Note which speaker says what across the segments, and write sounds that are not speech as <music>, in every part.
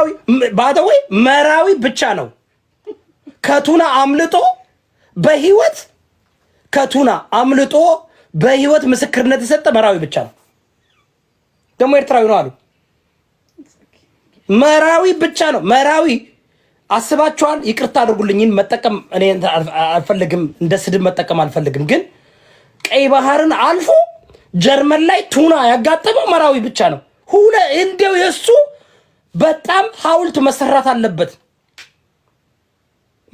Speaker 1: መራዊ ባደዌ መራዊ ብቻ ነው ከቱና አምልጦ በህይወት ከቱና አምልጦ በህይወት ምስክርነት የሰጠ መራዊ ብቻ ነው። ደግሞ ኤርትራዊ ነው አሉ። መራዊ ብቻ ነው። መራዊ አስባችኋል። ይቅርታ አድርጉልኝን መጠቀም እኔ አልፈልግም፣ እንደ ስድብ መጠቀም አልፈልግም። ግን ቀይ ባህርን አልፎ ጀርመን ላይ ቱና ያጋጠመው መራዊ ብቻ ነው። ሁለ እንዲያው የእሱ በጣም ሐውልት መሰራት አለበት።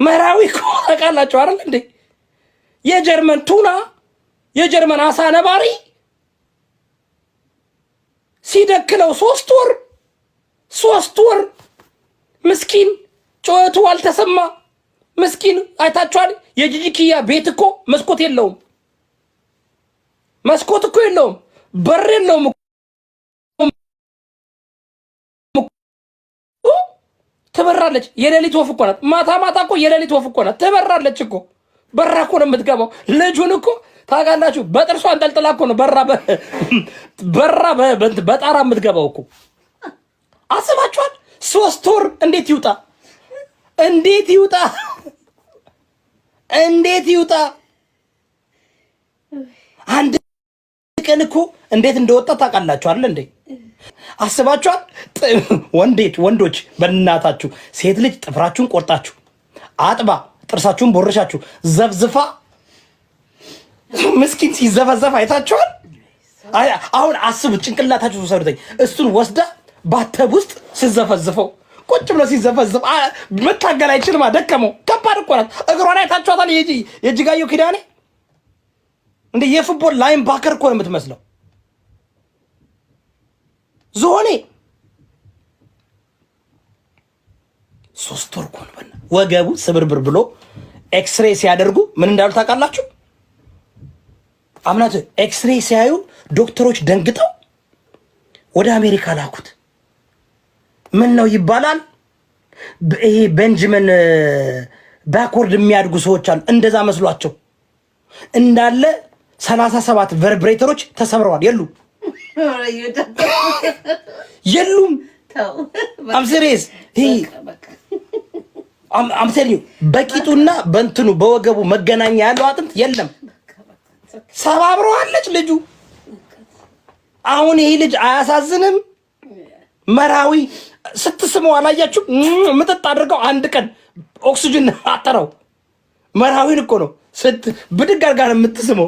Speaker 1: መራዊ እኮ ታውቃላችሁ አይደል እንዴ? የጀርመን ቱና የጀርመን አሳ ነባሪ ሲደክለው ሶስት ወር ሶስት ወር ምስኪን ጩኸቱ አልተሰማ። ምስኪን አይታችኋል። የጂጂኪያ ቤት እኮ መስኮት የለውም መስኮት እኮ የለውም በር የለውም። ትበራለች። የሌሊት ወፍ እኮ ናት። ማታ ማታ እኮ የሌሊት ወፍ እኮ ናት። ትበራለች እኮ በራ እኮ ነው የምትገባው። ልጁን እኮ ታውቃላችሁ፣ በጥርሷ አንጠልጥላ እኮ ነው በራ <laughs> በራ በጣራ የምትገባው እኮ አስባችኋል። ሶስት ወር እንዴት ይውጣ? እንዴት ይውጣ? እንዴት ይውጣ? አንድ ቀን እኮ እንዴት እንደወጣ ታውቃላችሁ እንዴ? አስባችኋል? ወንዴት ወንዶች በእናታችሁ ሴት ልጅ ጥፍራችሁን ቆርጣችሁ አጥባ ጥርሳችሁን ቦርሻችሁ ዘፍዝፋ ምስኪን ሲዘፈዘፍ አይታችኋል? አሁን አስቡት፣ ጭንቅላታችሁ ውሰዱተኝ። እሱን ወስዳ ባተብ ውስጥ ስዘፈዝፈው ቁጭ ብሎ ሲዘፈዝፍ መታገል አይችልም፣ ደከመው። ከባድ እኮ ናት። እግሯን አይታችኋታል? የእጅጋየሁ ኪዳኔ እንደ የፉትቦል ላይን ባከር እኮ ነው የምትመስለው። ዞኔ ሶስት ወር ወገቡ ስብርብር ብሎ ኤክስሬ ሲያደርጉ ምን እንዳሉ ታውቃላችሁ? አምናት ኤክስሬ ሲያዩ ዶክተሮች ደንግጠው ወደ አሜሪካ ላኩት። ምን ነው ይባላል ይሄ ቤንጃሚን ባክወርድ የሚያድጉ ሰዎች አሉ። እንደዛ መስሏቸው እንዳለ ሰላሳ ሰባት ቨርብሬተሮች ተሰብረዋል የሉ <laughs> የሉም። አምስሬስ አምሰሪ በቂጡና በንትኑ በወገቡ መገናኛ ያለው አጥንት የለም። አለች ልጁ። አሁን ይሄ ልጅ አያሳዝንም? መራዊ ስትስመው አላያችሁ? ምጥጥ አድርገው አንድ ቀን ኦክስጅን አጠረው። መራዊን እኮ ነው ብድግ አድርጋ ነው የምትስመው።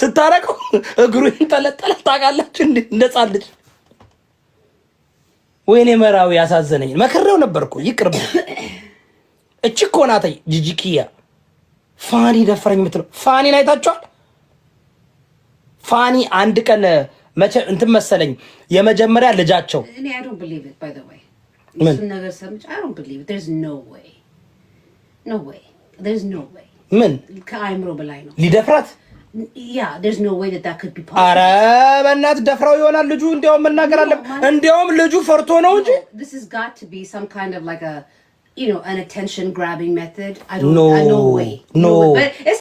Speaker 1: ስታረቀው እግሩን ተለጠለ። ታውቃላችሁ እንደ ሕፃን ልጅ ወይኔ መራዊ ያሳዘነኝ። መክሬው ነበር እኮ ይቅርብ። እቺ እኮ ናት ጂጂኪያ ፋኒ ደፈረኝ የምትለው ፋኒን አይታችኋል። ፋኒ አንድ ቀን መቼ እንትን መሰለኝ የመጀመሪያ ልጃቸው ነገር ምን ምን ከአእምሮ በላይ ነው። ሊደፍራት አረ በእናትህ ደፍራው ይሆናል ልጁ። እንዲያውም መናገር አለ። እንዲያውም ልጁ ፈርቶ ነው እንጂ ኖ ኖ